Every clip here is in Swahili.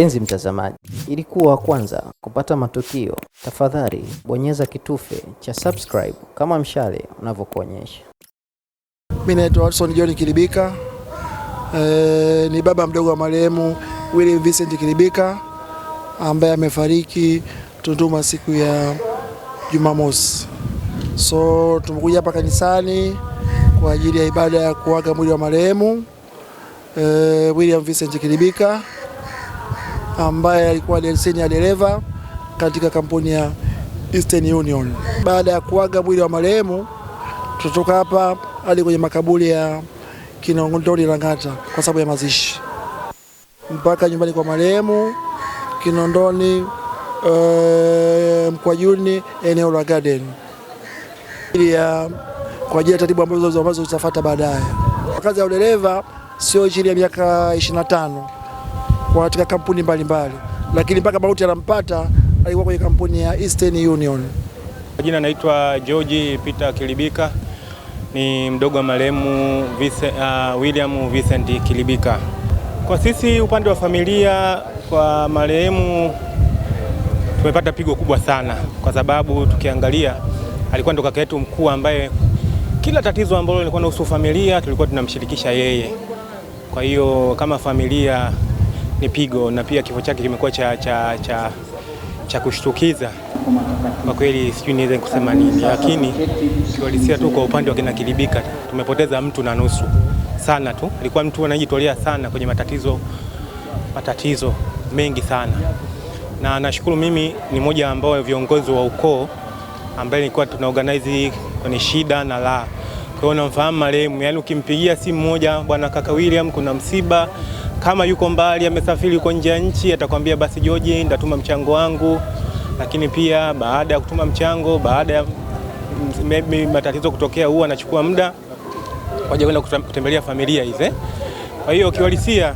Mpenzi mtazamaji, ili kuwa wa kwanza kupata matukio, tafadhali bonyeza kitufe cha subscribe kama mshale unavyokuonyesha. Mimi naitwa Watson John Kilibika. E, ni baba mdogo wa marehemu William Vincent Kilibika ambaye amefariki Tunduma siku ya Jumamosi. So tumekuja hapa kanisani kwa ajili ya ibada ya kuaga mwili wa marehemu e, William Vincent Kilibika ambaye alikuwa leseni ya dereva katika kampuni ya Eastern Union. Baada ya kuaga mwili wa marehemu, tutatoka hapa hadi kwenye makaburi ya Kinondoni Lang'ata kwa sababu ya mazishi, mpaka nyumbani kwa marehemu Kinondoni e, Mkwajuni, eneo la garden ya kwa ajili ya taratibu ambazo ambazo zitafuata baadaye. Kazi ya udereva sio chini ya miaka 25 kwa katika kampuni mbalimbali mbali. Lakini mpaka mauti anampata alikuwa kwenye kampuni ya Eastern Union. Jina naitwa George Peter Kilibika, ni mdogo wa marehemu uh, William Vincent Kilibika. Kwa sisi upande wa familia kwa marehemu tumepata pigo kubwa sana, kwa sababu tukiangalia alikuwa ndo kaka yetu mkuu ambaye kila tatizo ambalo lilikuwa linahusu familia tulikuwa tunamshirikisha yeye. Kwa hiyo kama familia ni pigo, na pia kifo chake kimekuwa cha, cha, cha, cha kushtukiza kwa kweli, sijui niweze kusema nini, lakini kiwalisia tu kwa upande wa kina Kilibika tumepoteza mtu na nusu sana tu. Alikuwa mtu anajitolea sana kwenye matatizo, matatizo mengi sana, na nashukuru mimi ni mmoja ambao viongozi wa ukoo ambaye nilikuwa tuna organize kwenye shida na laa kwa hiyo namfahamu marehemu, yaani ukimpigia simu moja, bwana kaka William, kuna msiba, kama yuko mbali, amesafiri kwa nje ya nchi, atakwambia basi George, ndatuma mchango wangu. Lakini pia baada ya kutuma mchango, baada ya matatizo kutokea, huwa anachukua muda waje kwenda kutembelea familia hizi. Eh. Kwa hiyo kiwalisia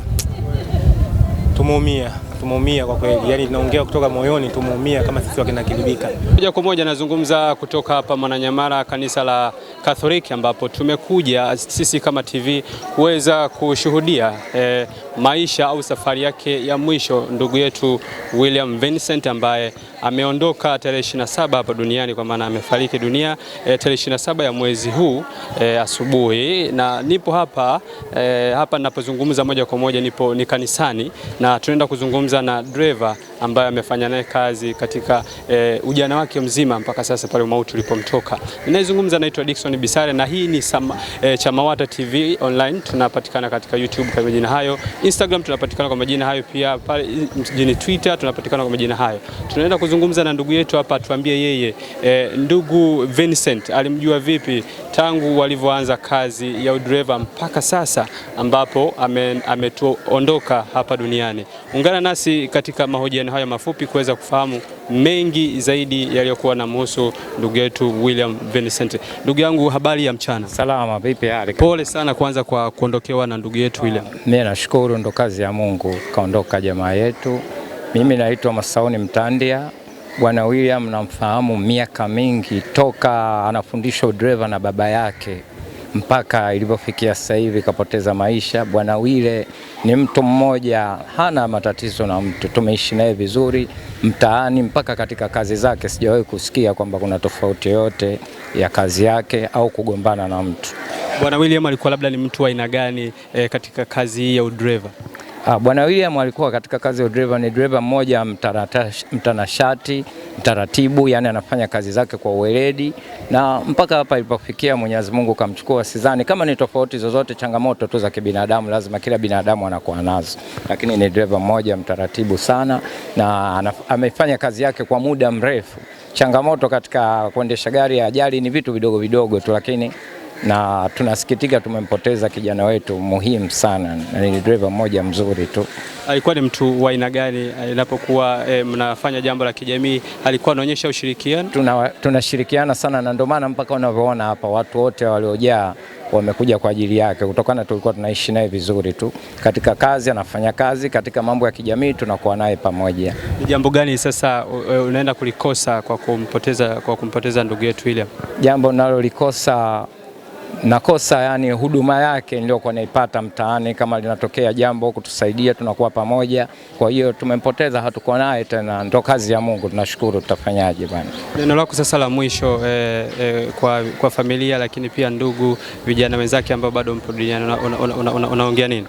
tumeumia tumeumia kwa kweli, yani naongea kutoka moyoni, tumeumia kama sisi wakina Kilibika. Moja kwa moja nazungumza kutoka hapa Mwananyamala, kanisa la Katholiki, ambapo tumekuja sisi kama TV kuweza kushuhudia eh, maisha au safari yake ya mwisho ndugu yetu William Vincent ambaye ameondoka tarehe 27 hapa duniani kwa maana amefariki dunia e, tarehe 27 ya mwezi huu e, asubuhi, na nipo hapa e, hapa ninapozungumza moja kwa moja nipo ni kanisani na tunaenda kuzungumza na driver ambaye amefanya naye kazi katika e, ujana wake mzima mpaka sasa pale mauti ulipomtoka. Ninayezungumza naitwa Dickson Bisare na hii ni sama, e, Chamawata TV online tunapatikana katika YouTube kwa majina hayo, Instagram tunapatikana kwa majina hayo pia, pale eh, mjini Twitter tunapatikana kwa majina hayo. Tunaenda kuzungumza na ndugu yetu hapa, tuambie yeye e, ndugu Vincent alimjua vipi tangu walivyoanza kazi ya udereva mpaka sasa ambapo ametuondoka hapa duniani. Ungana nasi katika mahojiano mahojiano haya mafupi kuweza kufahamu mengi zaidi yaliyokuwa na muhusu ndugu yetu William Vincent. Ndugu yangu, habari ya mchana? Salama, vipi hali? Pole sana kwanza kwa kuondokewa na ndugu yetu William. Mimi nashukuru, ndo kazi ya Mungu, kaondoka jamaa yetu. Mimi naitwa Masauni Mtandia. Bwana William namfahamu miaka mingi toka anafundisha udereva na baba yake mpaka ilivyofikia sasa hivi kapoteza maisha. Bwana Wile ni mtu mmoja, hana matatizo na mtu, tumeishi naye vizuri mtaani mpaka katika kazi zake. Sijawahi kusikia kwamba kuna tofauti yoyote ya kazi yake au kugombana na mtu. Bwana William alikuwa labda ni mtu wa aina gani e, katika kazi hii ya udreva? Ah, Bwana William alikuwa katika kazi ya driver, ni driver mmoja mtanashati, mtaratibu, yani anafanya kazi zake kwa uweledi na mpaka hapa ilipofikia Mwenyezi Mungu kamchukua. Sidhani kama ni tofauti zozote, changamoto tu za kibinadamu lazima kila binadamu anakuwa nazo, lakini ni driver mmoja mtaratibu sana na amefanya kazi yake kwa muda mrefu. Changamoto katika kuendesha gari ya ajali ni vitu vidogo vidogo tu, lakini na tunasikitika tumempoteza kijana wetu muhimu sana, na ni driver mmoja mzuri tu. Alikuwa ni mtu wa aina gani? Inapokuwa e, mnafanya jambo la kijamii, alikuwa anaonyesha ushirikiano. Tuna, sana, na ndio maana mpaka unavyoona hapa watu wote waliojaa wamekuja kwa ajili yake, kutokana tulikuwa tunaishi naye vizuri tu. Katika kazi anafanya kazi, katika mambo ya kijamii tunakuwa naye pamoja. Ni jambo gani sasa eh, unaenda kulikosa kwa kumpoteza, kwa kumpoteza ndugu yetu William? Jambo nalolikosa nakosa yani huduma yake niliyokuwa naipata mtaani. Kama linatokea jambo kutusaidia, tunakuwa pamoja. Kwa hiyo tumempoteza, hatuko naye tena, ndo kazi ya Mungu. Tunashukuru, tutafanyaje bwana. Neno lako sasa la mwisho eh, eh, kwa, kwa familia lakini pia ndugu, vijana wenzake ambao bado mpo duniani, unaongea una, una, una, una nini?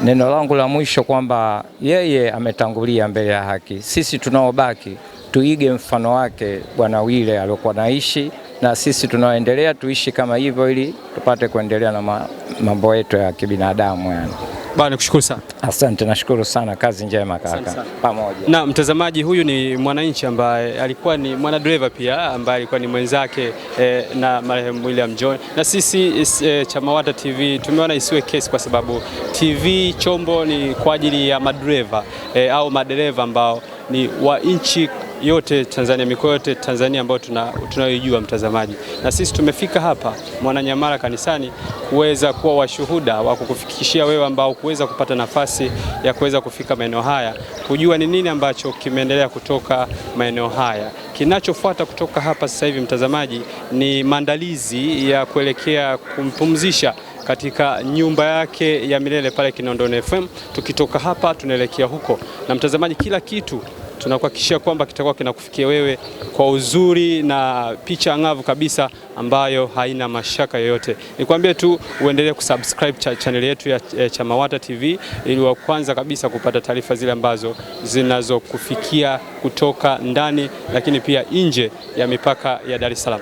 Neno langu la mwisho kwamba yeye ametangulia mbele ya haki, sisi tunaobaki tuige mfano wake Bwana Wile aliokuwa naishi na sisi tunaoendelea tuishi kama hivyo, ili tupate kuendelea na mambo yetu ya kibinadamu yani. Bwana nikushukuru sana. Asante, nashukuru sana, kazi njema kaka. Pamoja. Na mtazamaji, huyu ni mwananchi ambaye alikuwa ni driver pia ambaye alikuwa ni mwenzake eh, na marehemu William John. Na sisi eh, Chamawata TV tumeona isiwe kesi, kwa sababu TV chombo ni kwa ajili ya madriver eh, au madereva ambao ni wa nchi yote Tanzania, mikoa yote Tanzania ambayo tunayoijua, mtazamaji, na sisi tumefika hapa Mwananyamala kanisani kuweza kuwa washuhuda wa kukufikishia wewe ambao kuweza kupata nafasi ya kuweza kufika maeneo haya kujua ni nini ambacho kimeendelea kutoka maeneo haya. Kinachofuata kutoka hapa sasa hivi, mtazamaji, ni maandalizi ya kuelekea kumpumzisha katika nyumba yake ya milele pale Kinondoni FM. Tukitoka hapa tunaelekea huko, na mtazamaji, kila kitu tunakuhakikishia kwamba kitakuwa kinakufikia wewe kwa uzuri na picha angavu kabisa ambayo haina mashaka yoyote. Nikwambie tu uendelee kusubscribe cha chaneli yetu ya e, Chamawata TV ili wa kwanza kabisa kupata taarifa zile ambazo zinazokufikia kutoka ndani, lakini pia nje ya mipaka ya Dar es Salaam.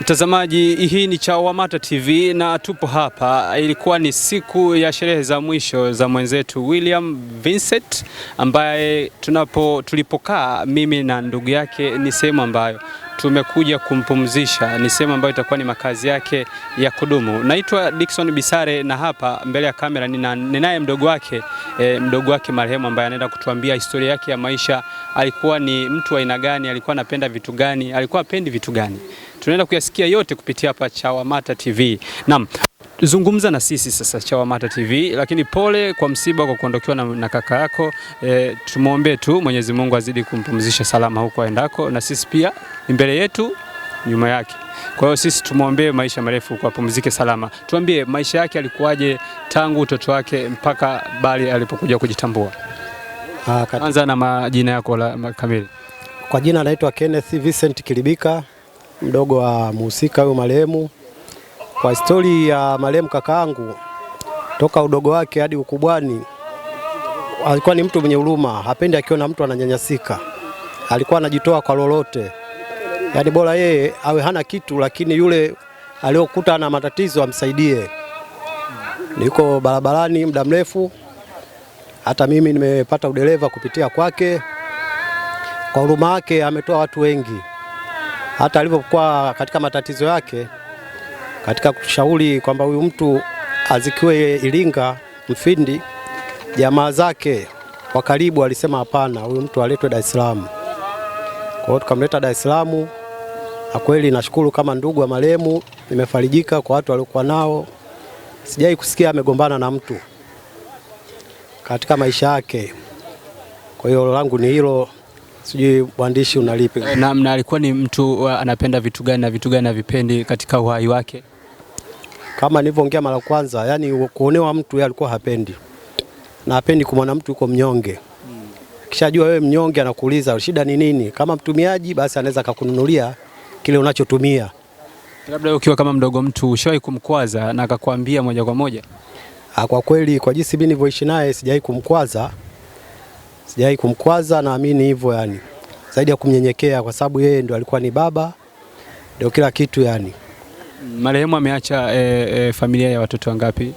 Mtazamaji, hii ni CHAWAMATA TV na tupo hapa. Ilikuwa ni siku ya sherehe za mwisho za mwenzetu William Vincent ambaye tunapo tulipokaa mimi na ndugu yake ni sehemu ambayo tumekuja kumpumzisha, ni sehemu ambayo itakuwa ni makazi yake ya kudumu. Naitwa Dickson Bisare na hapa mbele ya kamera ninaye mdogo wake e, mdogo wake marehemu ambaye anaenda kutuambia historia yake ya maisha. Alikuwa ni mtu wa aina gani? Alikuwa anapenda vitu gani? Alikuwa apendi vitu gani? Tunaenda kuyasikia yote kupitia hapa CHAWAMATA TV. Naam. Zungumza na sisi sasa, CHAWAMATA TV. Lakini pole kwa msiba kwa kuondokiwa na, na kaka yako e, tumwombee tu Mwenyezi Mungu azidi kumpumzisha salama huko aendako, na sisi pia mbele yetu nyuma yake. Kwa hiyo sisi tumwombee maisha marefu kwa pumzike salama. Tuambie maisha yake alikuwaje tangu utoto wake mpaka bali alipokuja kujitambua. Ah, Anza na majina yako la kamili. Kwa jina anaitwa Kenneth Vincent Kilibika, mdogo wa mhusika huyo marehemu. Kwa stori ya marehemu kakaangu, toka udogo wake hadi ukubwani, alikuwa ni mtu mwenye huruma, hapendi akiona mtu ananyanyasika, alikuwa anajitoa kwa lolote, yaani bora yeye awe hana kitu, lakini yule aliyokuta na matatizo amsaidie. Niko barabarani muda mrefu, hata mimi nimepata udereva kupitia kwake. Kwa huruma yake ametoa watu wengi, hata alipokuwa katika matatizo yake katika kushauri kwamba huyu mtu azikiwe Iringa Mfindi. Jamaa zake wa karibu alisema hapana, huyu mtu aletwe Dar es Salaam. Kwa hiyo tukamleta Dar es Salaam, na kweli nashukuru kama ndugu wa marehemu nimefarijika kwa watu waliokuwa nao. Sijai kusikia amegombana na mtu katika maisha yake. Kwa hiyo langu ni hilo. Sijui mwandishi unalipi namna, alikuwa ni mtu anapenda vitu gani na vitu gani na vipendi katika uhai wake? kama nilivyoongea mara kwanza, yani kuonewa mtu yeye alikuwa hapendi na hapendi kumwona mtu yuko mnyonge. Kishajua wewe mnyonge, anakuuliza shida ni nini. Kama mtumiaji, basi anaweza akakununulia kile unachotumia. Labda ukiwa kama mdogo mtu ushawahi kumkwaza na akakwambia moja kwa moja? Ha, ah, Kwa kweli, kwa jinsi mimi nilivyoishi naye sijawahi kumkwaza, sijawahi kumkwaza, naamini hivyo yani, zaidi ya kumnyenyekea, kwa sababu yeye ndo alikuwa ni baba, ndio kila kitu yani. Marehemu ameacha e, e, familia ya watoto wangapi?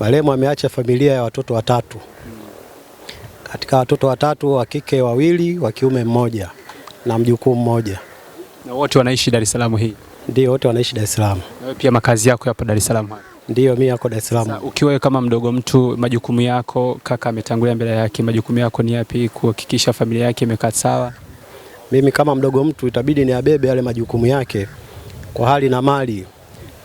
Marehemu ameacha familia ya watoto watatu. Katika watoto watatu wa kike wawili, wa kiume mmoja na mjukuu mmoja. Na wote wanaishi Dar es Salaam hii? Ndio, wote wanaishi Dar es Salaam. Na pia makazi yako yapo Dar es Salaam Ndio, mimi yako Dar es Salaam. Ukiwa kama mdogo mtu, majukumu yako, kaka ametangulia mbele yake, majukumu yako ni yapi kuhakikisha familia yake imekaa sawa? Mimi kama mdogo mtu itabidi niabebe yale majukumu yake kwa hali na mali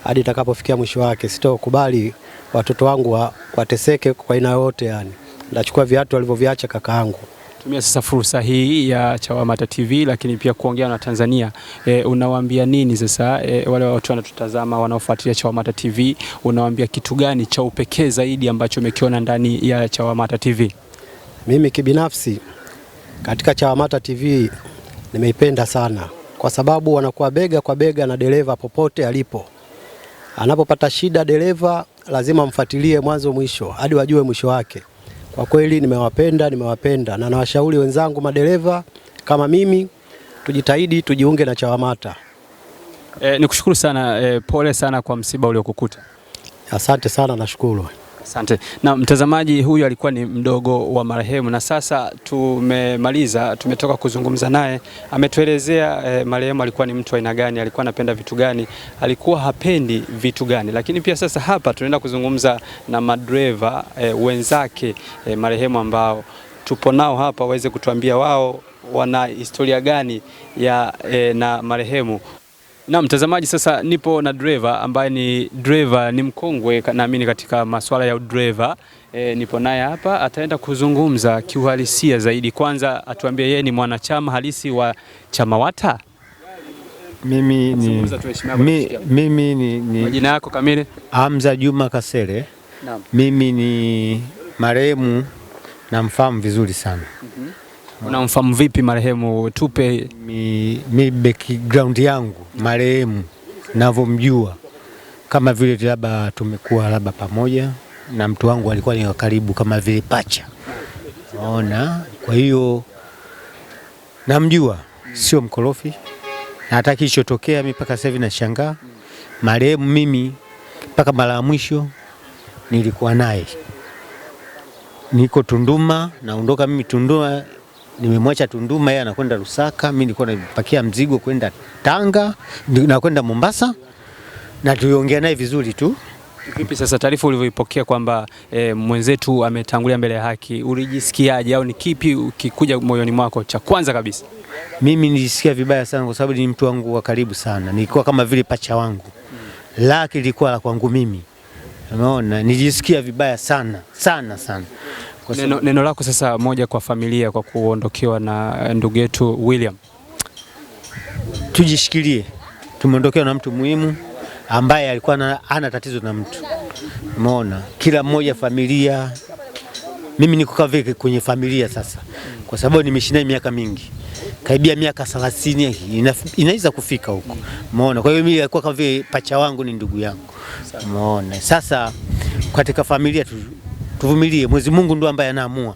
hadi itakapofikia mwisho wake. Sitokubali watoto wangu wa, wateseke kwa aina yote yani. Nachukua viatu alivyoviacha kakaangu. Tumia sasa fursa hii ya CHAWAMATA TV lakini pia kuongea na Tanzania e, unawaambia nini sasa e, wale watu wanatutazama wanaofuatilia CHAWAMATA TV, unawaambia kitu gani cha upekee zaidi ambacho umekiona ndani ya CHAWAMATA TV? Mimi kibinafsi katika CHAWAMATA TV nimeipenda sana kwa sababu wanakuwa bega kwa bega na dereva popote alipo. Anapopata shida dereva lazima mfatilie mwanzo mwisho hadi wajue mwisho wake. Kwa kweli nimewapenda, nimewapenda na nawashauri wenzangu madereva kama mimi tujitahidi tujiunge na CHAWAMATA. E, nikushukuru sana e, pole sana kwa msiba uliokukuta. Asante sana nashukuru. Asante. Na mtazamaji huyu alikuwa ni mdogo wa marehemu, na sasa tumemaliza, tumetoka kuzungumza naye, ametuelezea eh, marehemu alikuwa ni mtu aina gani, alikuwa anapenda vitu gani, alikuwa hapendi vitu gani. Lakini pia sasa hapa tunaenda kuzungumza na madreva eh, wenzake eh, marehemu ambao tupo nao hapa waweze kutuambia wao wana historia gani ya eh, na marehemu. Na mtazamaji, sasa nipo na driver ambaye ni driver ni mkongwe naamini katika masuala ya udereva e, nipo naye hapa, ataenda kuzungumza kiuhalisia zaidi. Kwanza atuambie yeye ni mwanachama halisi wa wata. Mimi ni, mi, mimi ni, ni majina yako kamili? Hamza Juma kasere Naam. Mimi ni marehemu namfahamu vizuri sana. mm -hmm. Unamfahamu vipi marehemu? Tupe mi, mi background yangu marehemu navyomjua, kama vile labda tumekuwa labda pamoja na mtu wangu alikuwa ni wa karibu kama vile pacha, naona kwa hiyo namjua, sio mkorofi na hata kilichotokea mimi mpaka sasa hivi nashangaa. Marehemu mimi mpaka mara ya mwisho nilikuwa naye niko Tunduma, naondoka mimi Tunduma nimemwacha Tunduma, yeye anakwenda Lusaka, mimi nilikuwa napakia mzigo kwenda Tanga na kwenda Mombasa, na tuliongea naye vizuri tu. Vipi sasa taarifa ulivyoipokea kwamba e, mwenzetu ametangulia mbele ya haki, ulijisikiaje au ni kipi ukikuja moyoni mwako cha kwanza kabisa? Mimi nilisikia vibaya sana, kwa sababu ni mtu wangu wa karibu sana, nilikuwa kama vile pacha wangu, laki lilikuwa la kwangu mimi, unaona. Nilijisikia vibaya sana sana sana neno, neno lako sasa moja kwa familia kwa kuondokewa na ndugu yetu William. Tujishikilie, tumeondokewa na mtu muhimu ambaye alikuwa na, ana tatizo na mtu umeona, kila mmoja familia. Mimi niko kavike kwenye familia sasa, kwa sababu nimeshinda miaka mingi, karibia miaka 30 ina, inaweza kufika huko umeona. Kwa hiyo mimi alikuwa kavike pacha wangu ni ndugu yangu umeona. Sasa katika familia tu, tuvumilie. Mwenyezi Mungu ndo ambaye anaamua.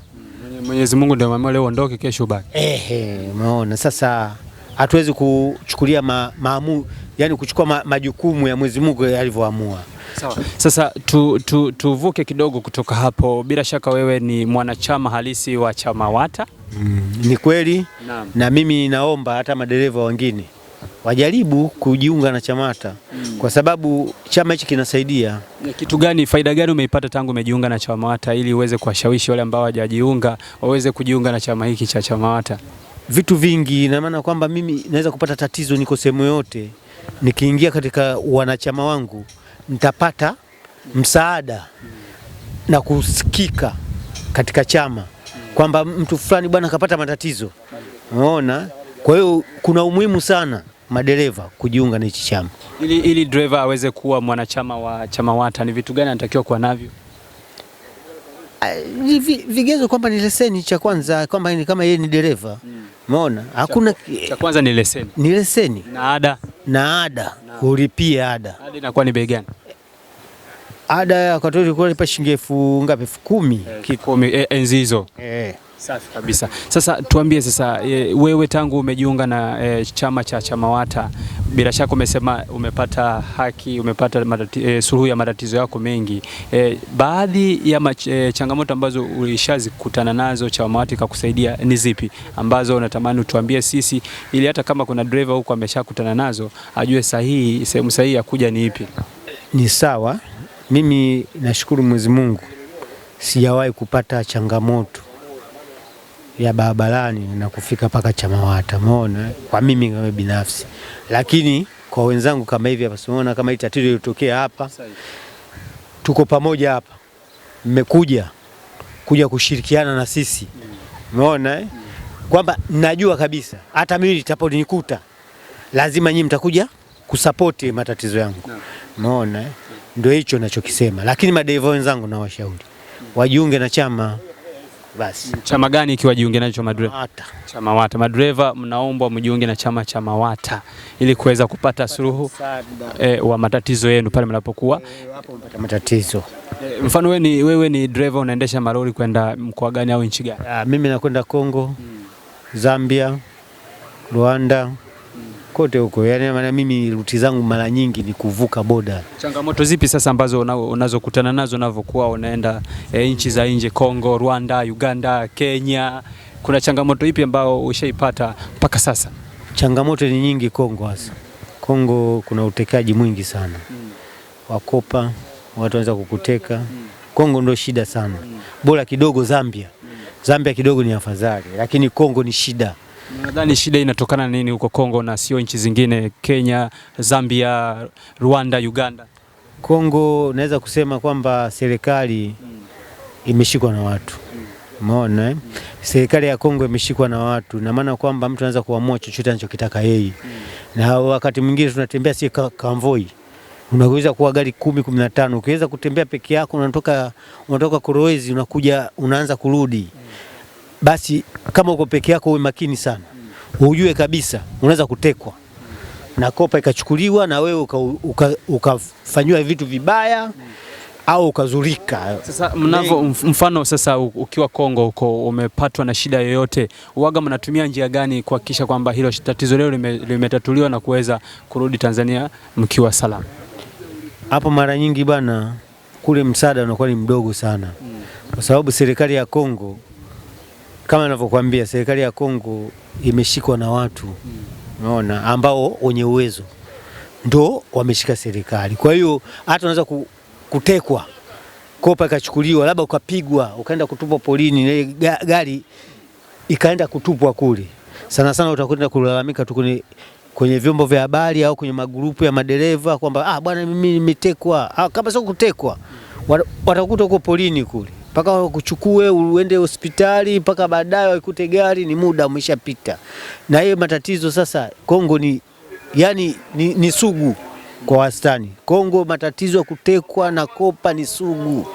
Mwenyezi Mungu ndio ameamua leo ondoke, kesho ubaki. Ehe, umeona sasa, hatuwezi kuchukulia ma, maamu, yani kuchukua ma, majukumu ya Mwenyezi Mungu alivyoamua. Sawa. Sasa tu, tu, tuvuke kidogo kutoka hapo. Bila shaka wewe ni mwanachama halisi wa wata Mm, ni kweli na mimi naomba hata madereva wengine wajaribu kujiunga na CHAMATA mm. kwa sababu chama hichi kinasaidia. Kitu gani, faida gani umeipata tangu umejiunga na CHAMATA ili uweze kuwashawishi wale ambao hawajajiunga waweze kujiunga na chama hiki cha CHAMATA? Vitu vingi, na maana kwamba mimi naweza kupata tatizo, niko sehemu yote, nikiingia katika wanachama wangu nitapata msaada na kusikika katika chama kwamba mtu fulani bwana kapata matatizo, unaona. Kwa hiyo kuna umuhimu sana madereva kujiunga na hichi chama. Ili, ili driver aweze kuwa mwanachama wa wata ni vitu gani anatakiwa kuwa navyo? Uh, vigezo kwamba ni leseni cha kwanza, kwamba ni kama yeye ni dereva hmm. umeona hmm. Hakuna cha kwanza ni leseni, ni leseni na ada, na ada hulipia ada. Ada inakuwa ni bei gani? Ada ya kwa kulipa shilingi elfu ngapi? elfu kumi e, enzi hizo eh. Safi kabisa. Sasa tuambie sasa, e, wewe tangu umejiunga na e, chama cha chamawata bila shaka umesema umepata haki, umepata madati, e, suluhu ya matatizo yako mengi e, baadhi ya mach, e, changamoto ambazo ulishazikutana nazo CHAWAMATA ikakusaidia ni zipi ambazo unatamani utuambie sisi, ili hata kama kuna driver huko ameshakutana nazo ajue sahihi, sehemu sahihi ya kuja ni ipi? Ni sawa, mimi nashukuru Mwenyezi Mungu sijawahi kupata changamoto ya barabarani na kufika mpaka CHAWAMATA. Umeona, kwa mimi kama binafsi, lakini kwa wenzangu kama hivi hapa, umeona kama hii tatizo ilitokea hapa, tuko pamoja hapa, mmekuja kuja kushirikiana na sisi, umeona eh? kwamba najua kabisa hata mimi nitaponikuta lazima nyinyi mtakuja kusapoti matatizo yangu, umeona eh? Ndio hicho nachokisema, lakini madereva wenzangu nawashauri wajiunge na chama. Basi. Chama gani ikiwa jiunge nacho Mawata. Chama Wata. Madereva mnaombwa mjiunge na chama cha Mawata ili kuweza kupata suluhu e, wa matatizo yenu pale mnapokuwa e, matatizo. E, mfano wewe ni, wewe ni driver unaendesha malori kwenda mkoa gani au nchi gani? Ah, mimi nakwenda Kongo, hmm, Zambia, Rwanda kote huko. Yani maana mimi ruti zangu mara nyingi ni kuvuka boda. Changamoto zipi sasa ambazo unazokutana nazo unavyokuwa unaenda e, nchi za nje, Kongo, Rwanda, Uganda, Kenya? Kuna changamoto ipi ambayo ushaipata mpaka sasa? Changamoto ni nyingi Kongo, hasa Kongo kuna utekaji mwingi sana hmm. wakopa, watu wanaweza kukuteka. Hmm. Kongo ndo shida sana, hmm. bora kidogo Zambia. Zambia kidogo ni afadhali, lakini Kongo ni shida. Nadhani shida inatokana nini huko Kongo na sio nchi zingine, Kenya, Zambia, Rwanda, Uganda? Kongo naweza kusema kwamba serikali imeshikwa na watu Umeona, eh? Serikali ya Kongo imeshikwa na watu, na maana kwamba mtu anaweza kuamua chochote anachokitaka yeye Na wakati mwingine tunatembea si kamvoi, unaweza kuwa gari kumi kumi na tano ukiweza kutembea peke yako, unatoka unatoka Koroezi unakuja unaanza kurudi mm basi kama uko peke yako uwe makini sana, ujue kabisa unaweza kutekwa na kopa ikachukuliwa na wewe ukafanyiwa uka, uka vitu vibaya au ukazulika. Sasa mnavyo mfano sasa, ukiwa Kongo huko umepatwa na shida yoyote, waga mnatumia njia gani kuhakikisha kwamba hilo tatizo leo limetatuliwa na kuweza kurudi Tanzania mkiwa salama? Hapo mara nyingi bana kule msaada unakuwa ni mdogo sana, hmm. kwa sababu serikali ya Kongo kama anavyokuambia serikali ya Kongo imeshikwa na watu unaona, ambao wenye uwezo ndo wameshika serikali. Kwa hiyo hata unaweza kutekwa kopa ikachukuliwa, labda ukapigwa ukaenda kutupwa polini, gari ikaenda kutupwa kule. Sana sana utakwenda kulalamika tu kwenye kwenye vyombo vya habari au kwenye magrupu ya madereva kwamba ah, bwana mimi nimetekwa. Ah, kama sio kutekwa watakuta uko polini kule mpaka wakuchukue uende hospitali mpaka baadaye wakute gari, ni muda umeshapita. Na hiyo matatizo sasa Kongo ni yani ni, ni sugu kwa wastani. Kongo matatizo ya kutekwa na kopa ni sugu.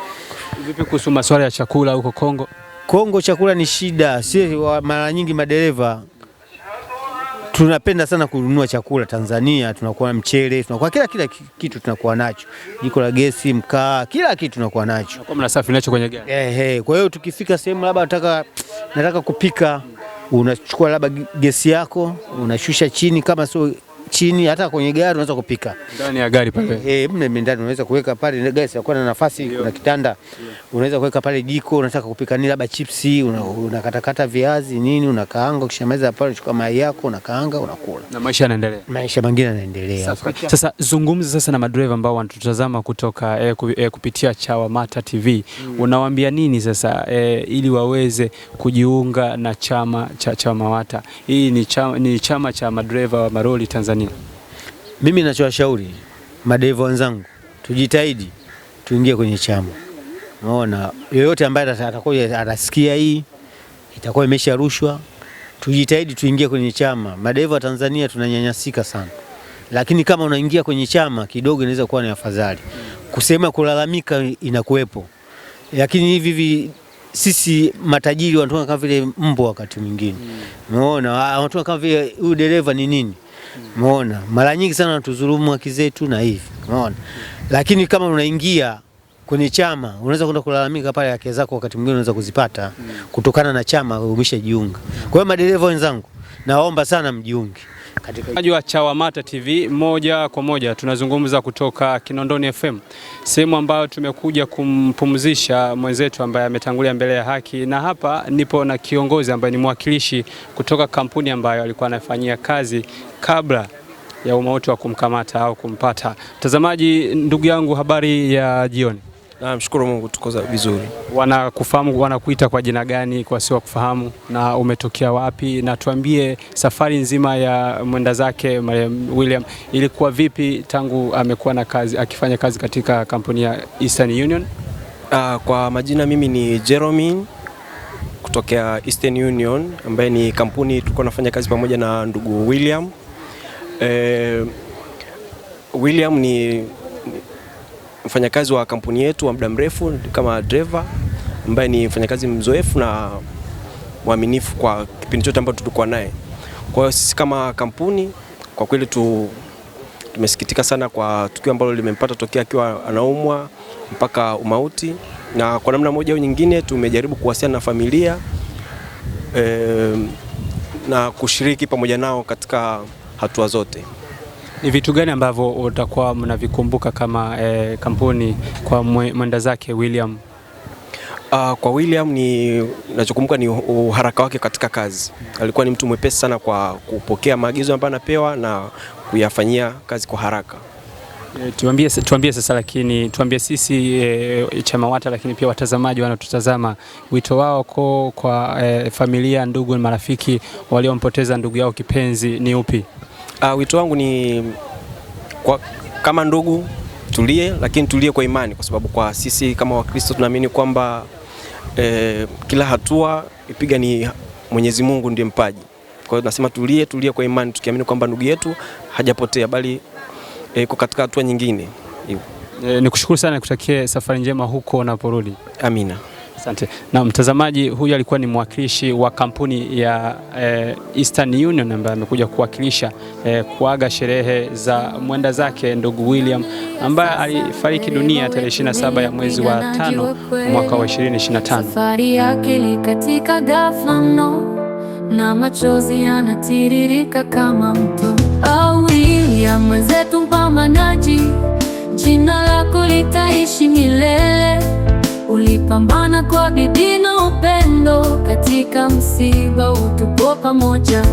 Vipi kuhusu masuala ya chakula huko Kongo? Kongo chakula ni shida, si mara nyingi madereva tunapenda sana kununua chakula Tanzania, tunakuwa mchele, tunakuwa kila kila kitu tunakuwa nacho, jiko la gesi, mkaa, kila kitu tunakuwa nacho. Kwa safi nacho kwenye gari eh, eh. Kwa hiyo tukifika sehemu labda nataka nataka kupika, unachukua labda gesi yako unashusha chini, kama sio chini, hata kwenye gari unaweza kupika ndani ya gari pale. Eh, mle ndani unaweza kuweka pale gari, sikuwa na nafasi, kuna kitanda unaweza kuweka pale jiko. Unataka kupika nini, labda chipsi, unakatakata viazi nini, unakaanga. Ukishamaliza pale, unachukua mayai yako, unakaanga, unakula na maisha yanaendelea, maisha mengine yanaendelea. Sasa, sasa zungumza sasa na madereva ambao wanatutazama kutoka eh, eh kupitia Chawamata TV mm. Unawaambia nini sasa eh, ili waweze kujiunga na chama cha Chawamata? Hii ni chama, ni chama cha madereva wa maroli Tanzania nini? Mimi ninachowashauri madereva wenzangu, tujitahidi tuingie kwenye chama. Unaona, yoyote ambaye atakuja atasikia hii itakuwa imesha rushwa, tujitahidi tuingie kwenye chama. Madereva wa Tanzania tunanyanyasika sana, lakini kama unaingia kwenye chama kidogo inaweza kuwa ni afadhali. Kusema kulalamika inakuwepo, lakini hivi hivi sisi matajiri wanatoka kama vile mbwa wakati mwingine, unaona, wanatoka kama vile huyu dereva ni nini Umeona? Mara nyingi sana wanatudhulumu haki zetu na hivi. Umeona? Lakini kama unaingia kwenye chama unaweza kwenda kulalamika pale, haki zako wakati mwingine unaweza kuzipata kutokana na chama umeshajiunga. Kwa hiyo madereva wenzangu, nawaomba sana mjiunge. Mtazamaji wa Chawamata TV moja kwa moja tunazungumza kutoka Kinondoni FM, sehemu ambayo tumekuja kumpumzisha mwenzetu ambaye ametangulia mbele ya haki, na hapa nipo na kiongozi ambaye ni mwakilishi kutoka kampuni ambayo alikuwa anafanyia kazi kabla ya umauti wa kumkamata au kumpata. Mtazamaji ndugu yangu, habari ya jioni. Na mshukuru Mungu tuko vizuri. Wanakufahamu, wanakuita kwa jina gani kwa sio kufahamu, na umetokea wapi? Na tuambie safari nzima ya mwenda zake William ilikuwa vipi tangu amekuwa na kazi akifanya kazi katika kampuni ya Eastern Union? Uh, kwa majina mimi ni Jeremy kutokea Eastern Union ambaye ni kampuni tulikuwa nafanya kazi pamoja na ndugu William. Eh, William ni mfanyakazi wa kampuni yetu wa muda mrefu kama dreva ambaye ni mfanyakazi mzoefu na mwaminifu kwa kipindi chote ambacho tulikuwa naye. Kwa hiyo sisi kama kampuni kwa kweli tu, tumesikitika sana kwa tukio ambalo limempata tokea akiwa anaumwa mpaka umauti, na kwa namna moja au nyingine tumejaribu kuwasiliana na familia e, na kushiriki pamoja nao katika hatua zote. Ni vitu gani ambavyo utakuwa mnavikumbuka kama eh, kampuni kwa mwenda zake William? Uh, kwa William ni nachokumbuka ni uharaka wake katika kazi. Alikuwa ni mtu mwepesi sana kwa kupokea maagizo ambayo anapewa na kuyafanyia kazi kwa haraka. E, tuambie, tuambie sasa lakini tuambie sisi e, eh, CHAWAMATA lakini pia watazamaji wanaotutazama wito wao ko kwa e, familia, ndugu na marafiki waliompoteza ndugu yao kipenzi ni upi? Uh, wito wangu ni kwa, kama ndugu tulie, lakini tulie kwa imani, kwa sababu kwa sisi kama Wakristo tunaamini kwamba eh, kila hatua ipiga ni Mwenyezi Mungu ndiye mpaji. Kwa hiyo tunasema tulie, tulie kwa imani tukiamini kwamba ndugu yetu hajapotea bali eh, iko eh, katika hatua nyingine. Hiyo. ni eh, nikushukuru sana nikutakie safari njema huko unaporudi. Amina. Asante. Na mtazamaji huyu alikuwa ni mwakilishi wa kampuni ya eh, Eastern Union ambaye amekuja kuwakilisha eh, kuaga sherehe za mwenda zake ndugu William ambaye alifariki dunia tarehe 27 ya mwezi wa tano mwaka wa 2025. Safari yake ni katika ghafla mno na machozi yanatiririka kama mto. Oh, William mwenzetu mpambanaji, jina lako litaishi milele. Ulipambana kwa bidii na upendo, katika msiba utupo pamoja.